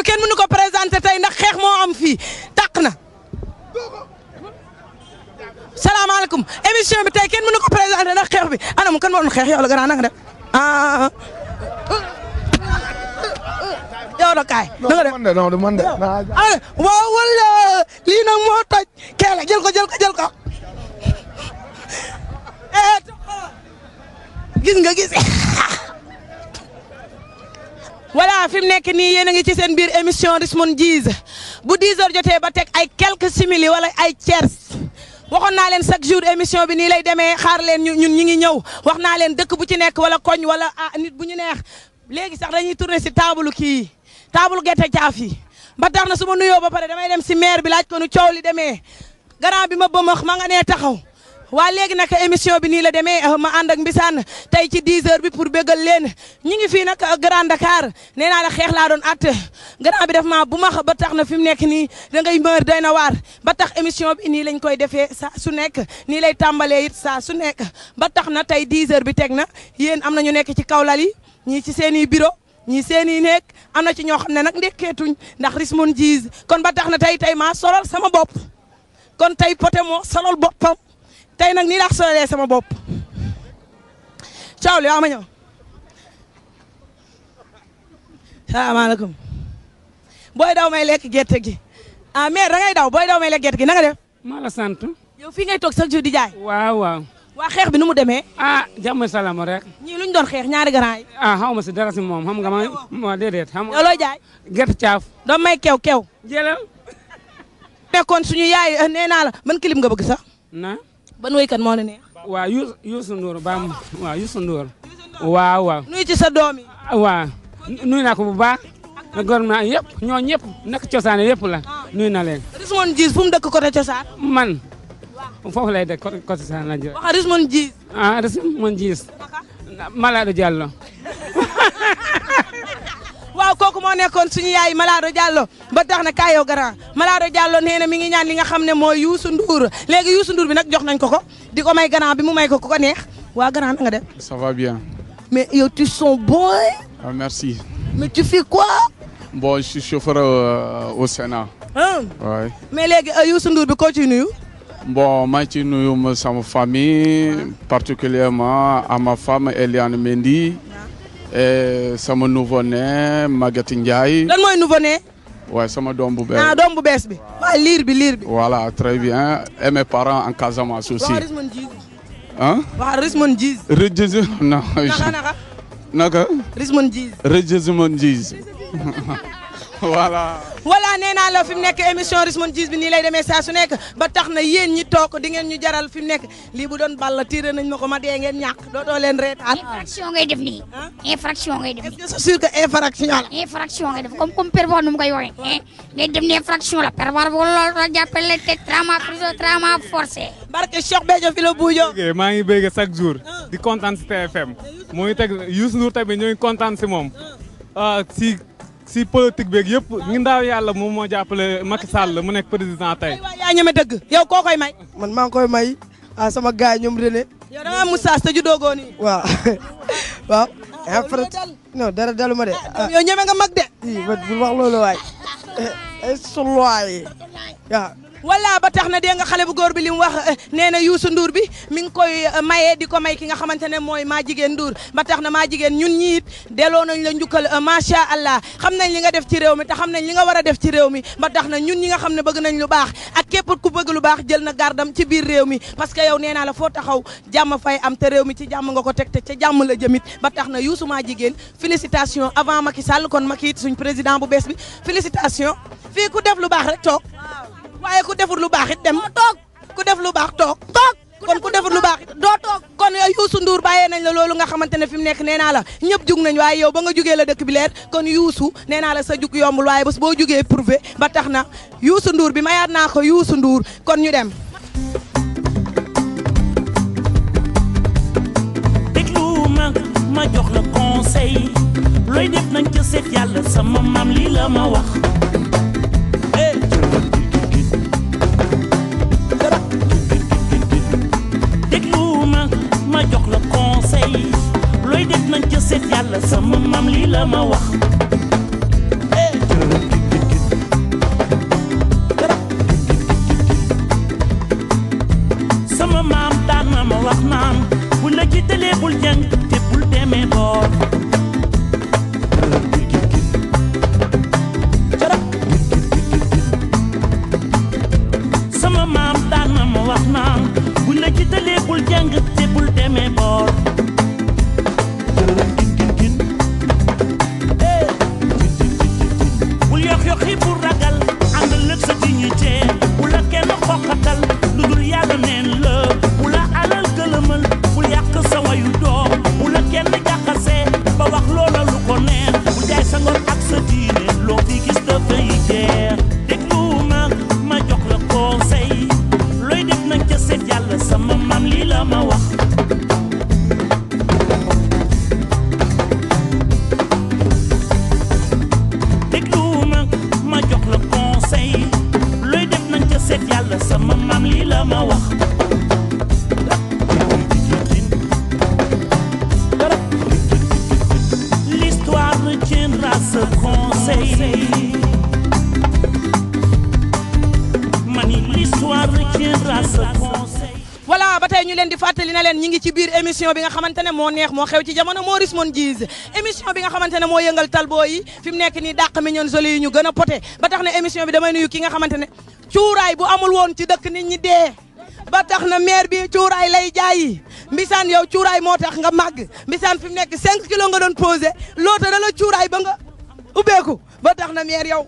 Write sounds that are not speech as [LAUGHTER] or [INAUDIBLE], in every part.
bi kenn mënu ko présenté tey ndax xeex moo am fii tàq na salaamaaleykum émission bi tey kenn mënu ko présenté ndax xeex bi anam kan moo doon xeex yow la gën a naka def ah. yow la kaay. na man de waaw wala lii nag moo toj kee la jël ko jël ko [LAUGHS] eh, gis nga gis. [LAUGHS] voilà fi mu nekk nii yéen a ngi ci seen biir émission Rich-mon Djizz bu 10h jotee ba teg ay quelques simili wala ay tiers waxoon naa leen chaque jour émission bi nii lay demee xaar leen ñu ñun ñu ngi ñëw wax naa leen dëkk bu ci nekk wala koñ wala ah nit bu ñu neex léegi sax dañuy tourner si taabalu kii taabalu gerte caaf yi ba tax na su ma nuyoo ba pare damay dem si maire bi laaj ko nu coow li demee garant bi ma bëmax ma nga nee taxaw. waa léegi nag émission bi nii la demee eh, ma ànd ak Mbisaan tey ci 10 heures bi pour bégal leen ñi ngi fii nag Grand Dakar nee naa la xeex laa doon at grand bi def ma bu max ba tax na fi mu nekk nii da ngay mër day na waar ba tax émission bi nii lañ koy defee sa su nekk nii lay tàmbalee it saa su nekk ba tax na tey 10 heures bi teg na yéen am na ñu nekk ci kawlal yi ñii ci seeni i ñii seen i nekk am na ci ñoo xam ne nag ndekkeetuñ ndax rismon jiis kon ba tax na tey tey maa sama bopp kon tey poté moo solol boppam tey nag nii laa solee sama bopp caaw li waa ma ñëw salaamaaleykum booy daw may lekk gerte gi a ah, mais dangay daw booy daw may lekk gerte gi na nga maa la sant. yow fii ngay toog chaque jour di jaay. waaw waaw. waa xeex bi nu mu demee. ah jàmm salaam rek. ñii lu doon xeex ñaari grand yi. ah xaw ma si dara si moom xam nga ma ma déedéet. xam nga looloo jaay. gerte caaf. doon may kew kew. jëlal. kon suñu yaay eh, nee naa la man kilim nga bëgg sax. na. ban waykat moo la neex. waaw Youssou Youssou Ndour ba mu waaw Youssou Ndour. waaw waaw. nuyu ci sa doom yi. Ah, waaw nuyu naa ko bu baax. gouvernement yëpp ñoo ñëpp nak cosaan yëpp la ah. nuyu na leen. Rismon Djis fu mu dëkk côté cosaan. man foofu lay dëkk côté cosaan la jël. wax Rismon Djis. ah Rismon [LAUGHS] moo nekkoon suñu yaay Malado Diallo ba tax na kaayoo grand Malado Diallo nee na mi ngi ñaan li nga xam ne mooy Youssou Ndour léegi Youssou Ndour bi nag jox nañ ko ko di ko may grand bi mu may ko ko neex waa grand na nga def. ça va bien. mais yow tu son bon. Ah, merci. mais tu fais quoi. bon je suis chauffeur euh, au Sénat. léegi euh, Youssou Ndour bi koo ciy nuyu. bon maa ngi ciy nuyu sama famille. particulièrement à ma femme Eliane Eh, sama nouveau-né Maguette Ndiaye. lan mooy nouveau-né. waaye sama doom bu bees. ah doom bu bees bi. waaw liir bi liir bi. voilà très bien et mes parents en Casamance aussi. ah. waaw Rismon Djiz. Rismon naka naka. naka. voilà. voilà nee naa la fi mu nekk émission Rich Mon bi nii lay demee saa su nekk ba tax na yéen ñi toog di ngeen ñu jaral fi mu nekk lii bu doon ball tiré nañ ma ko ma dee ngeen ñàkk doo leen reetaan. infraction ngay def nii. Ah? infraction ngay def nii. est-ce que c'est sûr infraction la. infraction ngay def comme comme pervers nu mu koy woowee. ngay def ni infraction la pervers boobu loolu la jàppale te trama prison trama forcé. barke Cheikh Béthio fi la buujoo. maa ngi bëgg chaque jour. Ah. di kontaan si TFM. mu ngi teg Youssou Ndour tamit moom. Ah. si. si politique beeg yëpp ngi ndaaw yàlla moom moo jàppale Macky Sall mu nekk président tey. yaa ñeme dëgg yow koo koy may. man maa ngi koy may ah, sama gars yi ñoom René. yow da ngaa am moustache te ju doogoo nii. waaw [LAUGHS] waaw. Ah, non dara ma de. Ah, yow ñeme nga mag de. i man bul wax loolu waay. [LAUGHS] Eh, eh, ay solo [LAUGHS] wala ba tax na dégg nga xale bu góor bi li mu wax eh, nee na Youssou Ndour bi mi ngi koy eh, maye di ko may ki nga xamante ne mooy maa jigéen Ndour ba tax na maa jigéen ñun ñii it delloo nañ la njukkal eh, macha allah xam nañ li nga def ci réew mi te xam nañ li nga war a ci réew mi ba tax na ñun ñi nga xam ne bëgg nañ lu baax ak képp ku bëgg lu baax jël na gardam ci biir réew mi parce que yow nee naa la foo taxaw jàmm fay am te réew mi ci jàmm nga ko teg te ca jàmm la jëmit ba tax na yuusu maa jigéen félicitation avant Macky Sall kon Macky it suñ président bu bees bi félicitation fii ku def lu baax rek toog waaye ku deful lu baax it dem. toog ku def lu baax toog. toog kon ku deful lu baax it doo toog. kon Youssou Ndour bàyyee nañ la loolu nga xamante ne fi mu nekk nee naa la ñëpp jug nañ waaye yow ba nga jugee la dëkk bi kon Youssou nee naa la sa jug yombul waaye bés boo jugee prouvé ba tax na Youssou Ndour bi ma mayaat naa ko Youssou nduur kon ñu dem. déglu ma ma jox la conseil looy def nañ ca seet yàlla sama maam lii la ma wax. leng te bul demee boor ñi ngi ci biir émission bi nga xamante ne moo neex moo xew ci jamono moo ris moon gis émission bi nga xamante ne moo yëngal talboo yi fi mu nekk nii dàq mi ñoon soli ñu gën a poté ba tax na émission bi damay nuyu ki nga xamante ne cuuraay bu amul woon ci dëkk nit ñi dee ba tax na maire bi cuuraay lay jaayi mbisaan yow cuuraay moo tax nga màgg mbisaan fi mu nekk 5 kilos nga doon posé loota da la cuuraay ba nga ubbeeku ba tax na maire yow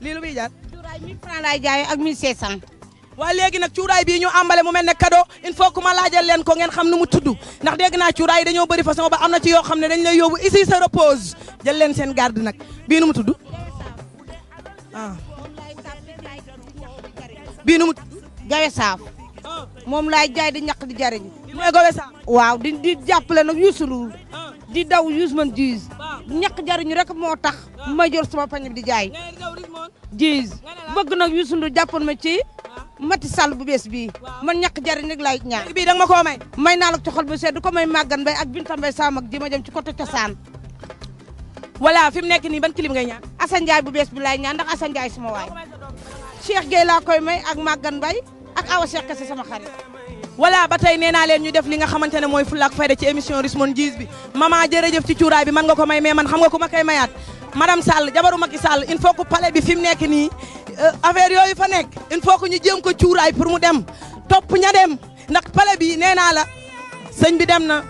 lii lu muy jaar cuuraay 1000 francs lay jaay ak 1500 waa léegi nag cuuraay bii ñu àmbale mu mel ne cadeau il faut que ma laajal leen ko ngeen xam nu mu tudd ndax dégg naa cuuraay yi dañoo bëri façon ba am na ci yoo xam ne dañ lay yóbbu ici sa repose jël leen seen garde nag bii nu mu ah. bii nu mu gawe saaf ah. moom laa jaay di ñaq di jariñ mooy gawe saaf waaw di di jàppale nag yusulul ah. di daw yus man diis ñaq jariñu rek moo tax ma jor sama pañ bi di jaay diis bëgg nag yusundu jàppoon ma ci Macky Sall bu bees bii man ñàkk jariñ rek laay ñaan bii danga ma koo may may naa la ci xol bu du ko may màggan bay ak binta mbay sama mag ji ma jëm ci côté cosaan voilà fi mu nekk nii ban kilim ngay ñaan Assane Ndiaye bu bees bi laay ñaan ndax Assane Ndiaye suma waay Cheikh Gueye laa koy may ak màggan bay ak Awa Cheikh Kassé sama xarit voilà ba tey nee naa leen ñu def li nga xamante ne mooy fulla ak fayda ci émission Rich Mon Djizz bi maman jërëjëf ci cuuraay bi man nga ko may mais man xam nga ku ma koy mayaat madame Sall jabaru Macky Sall il faut que mu nekk nii Euh, affaire yooyu fa nekk il faut que ñu jéem ko cuuraay pour mu dem topp ña dem ndax pale bi nee naa la sëñ bi dem na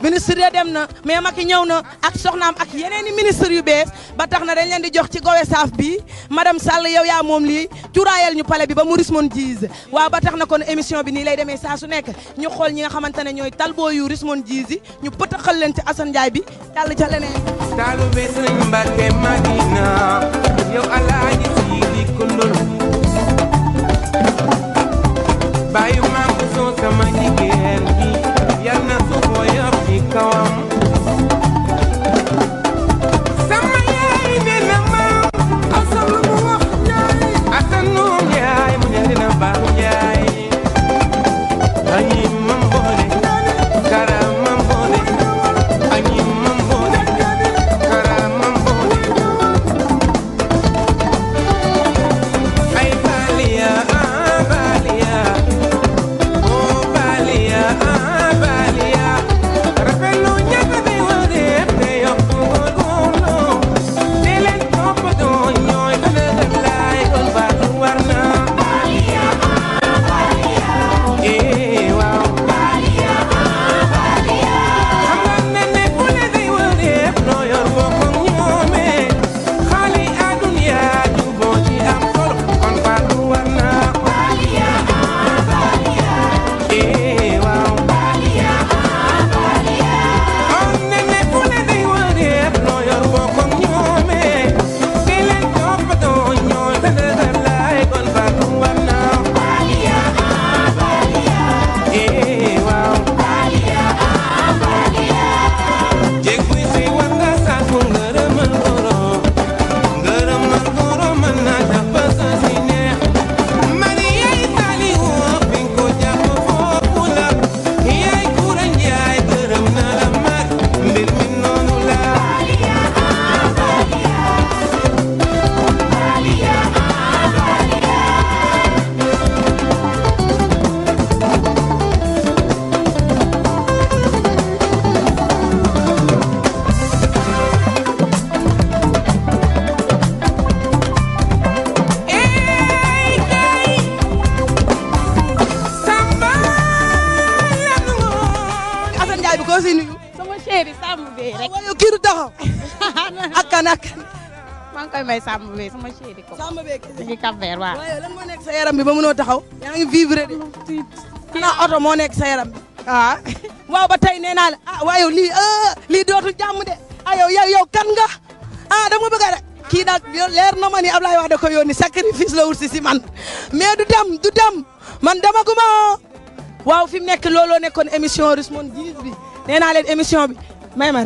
ministre ya dem na mais Macky ñëw na ak soxnaam ak yeneen i ministre yu bees ba tax na dañ leen di jox ci gowe saaf bi madame Sall yow yaa moom lii cuuraayal ñu pale bi ba mu Rismon Diis waaw ba tax na kon émission bi nii lay demee saa su nekk ñu xool ñi nga xamante ne ñooy talboo yu Rismon Diis yi ñu pëtaxal leen ci Assane Ndiaye bi jàll ca leneen. di kundul bàyyi maam sama jigéen bi yal na suuf woyof ci kawam sama yaay ne na maam asal mu wax njaay ata nu njaay mu ne dina baax njaay bay Samba Beye sama chéri ko. Samba Beye kese ci Cap Vert waaw. waaye lan moo nekk sa yaram bi ba mënoo taxaw. yaa ngi vivre de. xanaa oto moo nekk sa yaram bi. ah [LAUGHS] waaw ba tey nee naa la ah waaye lii ah, lii dootul jàmm de ah yow yow yow kan nga ah dama bëgg a rek. kii nag leer na ma ni Ablaye wax da ko yónni sacrifice la wut si si man mais du dem du dem man dama guma waaw fi mu nekk looloo nekkoon émission Rich Mon Djizz bi nee naa leen émission bi may ma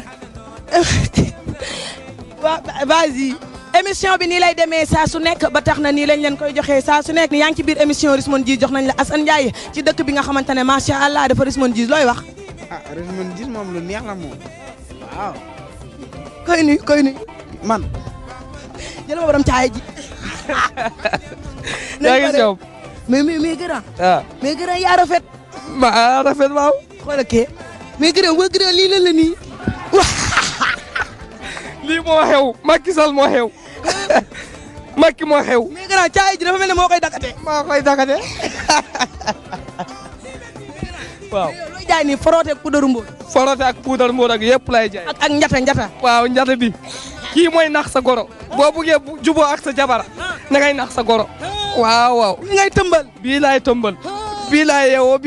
[LAUGHS] waaw vas-y émission bi nii lay demee saa su nekk ba tax na nii lañ leen koy joxee saa su nekk yaa ngi ci biir émission Rismon Djizz jox nañ la Assane Ndiaye ci dëkk bi nga xamante ne macha allah dafa Rismon Djizz looy wax. ah Rismon Djizz moom lu neex la moom waaw. koy man. jël ma borom caay ji. [LAUGHS] yaa mais mais mais ah. yaa rafet. ma yaa ah, rafet waaw. xoolal kee mais gërëm lii la la [LAUGHS] lii moo xew Macky Sall moo xew. [LAUGHS] Macky mo xew. mais grand caay moo koy dakate. moo koy dakate. [LAUGHS] waaw looy jaay nii foroote ak foroote ak puudar mbóot ak lay jaay. ak njata njata. waaw njata bi kii mooy nax sa goro. Ah. boo buggee juboo ak sa jabara. Ah. na nax sa goro. Ah. waaw waaw. li ngay tëmbal. bii laay tëmbal. bii laay yeewoo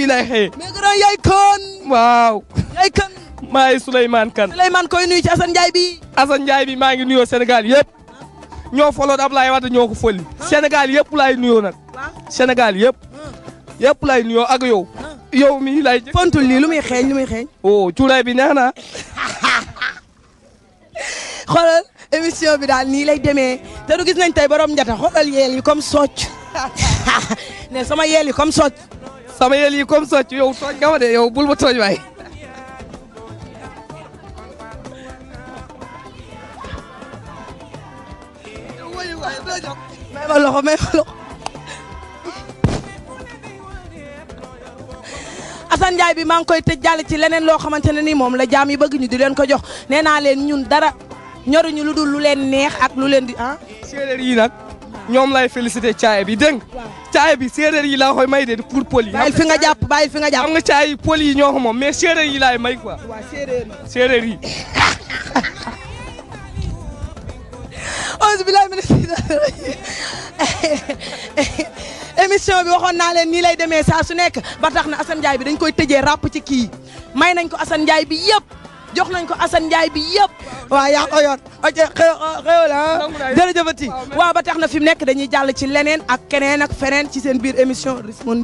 kan. waaw. yaay kan. maay koy nuyu ci Assane Ndiaye bi Assane Ndiaye bi maa ngi nuyoo senegal yëpp. ñoo foloon Ablaye Wade ñoo ko fëlli Sénégal yëpp laay nuyoo nag Sénégal yëpp hmm. yëpp laay nuyoo ak yow hmm. yow mii laay fontul lii lu muy xeeñ lu muy xeeñ oh cuuraay bi neex na [LAUGHS] xoolal émission bi daal nii lay demee te du gis nañ tey borom njata xoolal yeel yi comme socc [LAUGHS] ne sama yeel yi comme socc sama yeel yi comme socc yow tooñ nga de yow bul ma waay may ma loxo may bi maa ngi koy te jàll ci leneen loo xamante ne ni moom la jaam yi bëgg ñu di leen ko jox nee naa ñun dara ñoruñu lu dul lu leen neex ak lu leen di ah. séeréer yi nag ñoom lay félicité caay bi dégg nga caay bi séeréer yi laa koy may de pour pël yi. bàyyil fi nga jàpp bàyyil fi nga jàpp. xam nga caay yi pël yi ñoo moom mais séeréer yi laay may quoi. waaw séeréer séeréer [LAUGHS] auzu billaahi mina [LAUGHS] émission bi waxoon naa leen nii lay demee saa su nekk ba tax na Assane Ndiaye bi dañ koy tëjee ràpp ci kii may nañ ko Assane Ndiaye bi yëpp jox nañ ko Assane Ndiaye bi yëpp waaw yaa ko yor ok xew la ah. jërëjëfati waaw ba tax na fi mu nekk dañuy jàll ci leneen ak keneen ak feneen ci seen biir émission Rich mon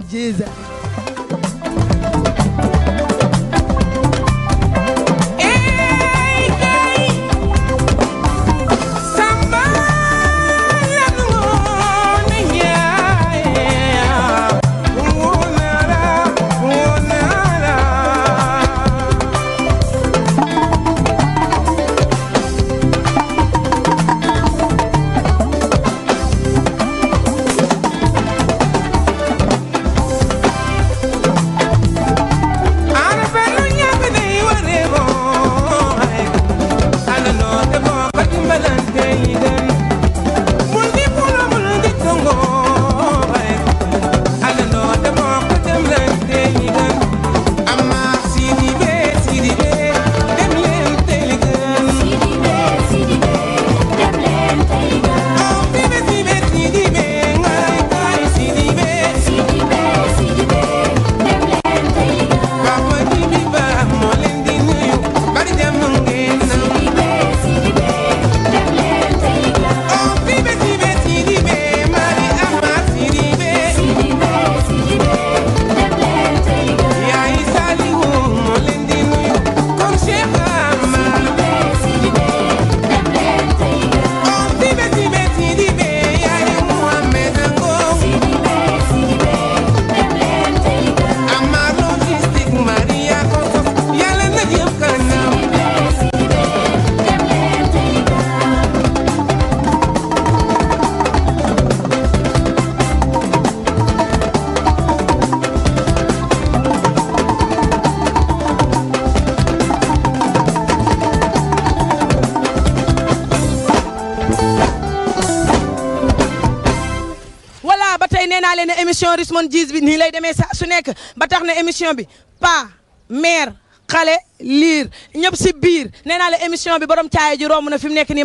émission Rich-mon Djizz bi nii lay demee saa su nekk ba tax na émission bi pa mère xale liir ñëp si biir nee naa la émission bi borom caaya ji na fi mu nekk nii.